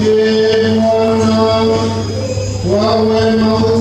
ye wana wawe mawe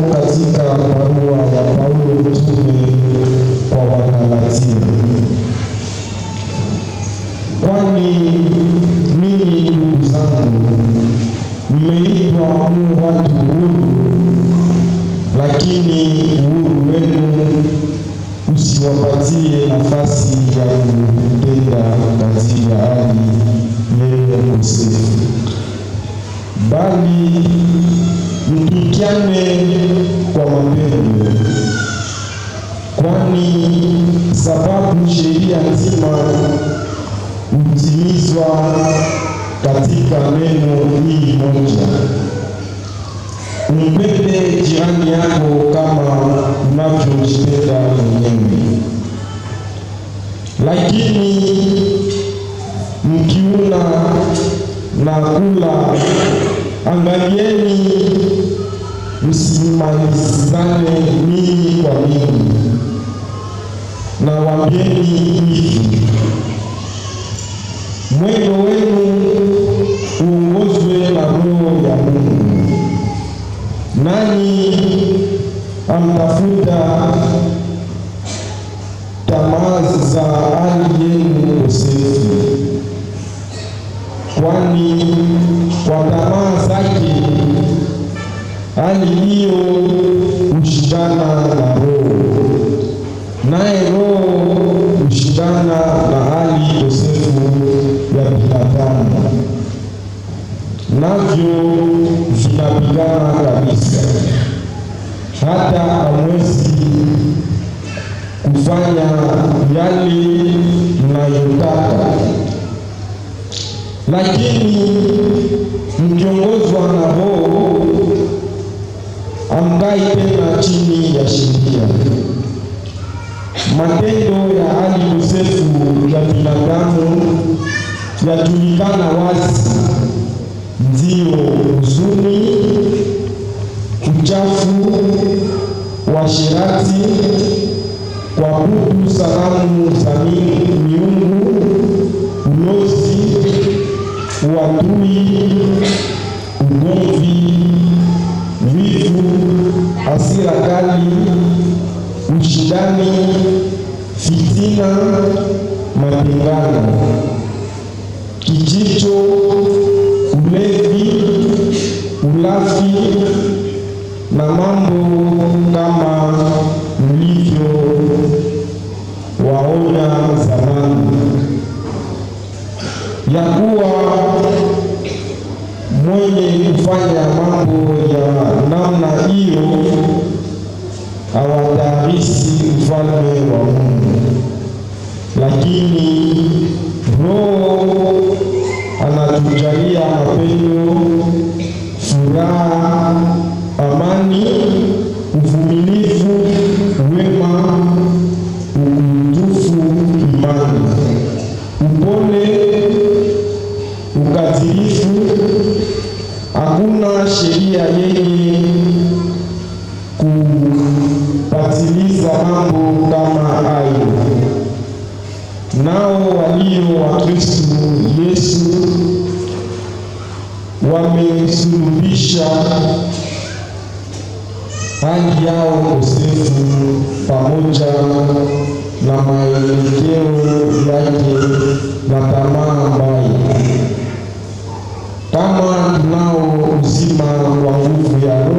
katika barua ya Paulo mtume kwa Wagalatia, kwani mimi ndugu zangu mmeitwa mu watu huru, lakini uhuru wenu usiwapatie nafasi ya kutenda katika hali yenye ukosefu, bali mtuitane kwa mapendo, kwani sababu sheria nzima hutimizwa katika neno hili moja: umpende jirani yako kama unavyojipenda mwenyewe. Lakini mkiuna na kula angalieni, msimalizane ninyi kwa ninyi, na waambieni hivi, mwendo wenu uongozwe na Roho ya Mungu, nani amtafuta tamaa za hali yenu usefu, kwani kwa tamaa y tena chini ya sheria. Matendo ya hali kosefu ya binadamu yajulikana wazi, ndiyo huzuni, uchafu, uasherati, kuabudu sanamu za miungu, ulozi, uadui, ugomvi hasira kali, ushindani, fitina, mapingano, kijicho, ulevi, ulafi na mambo kama mlivyo waona zamani, ya kuwa mwenye kufanya mambo ya namna hiyo ufalme wa Mungu, lakini Roho anatujalia mapendo, furaha, amani, uvumilivu, wema, ukunjufu, imani, upole Kristo Yesu wamesulubisha hali yao kosefu pamoja na maelekeo yake na tamaa mbaya. Kama tunao uzima wa nguvu ya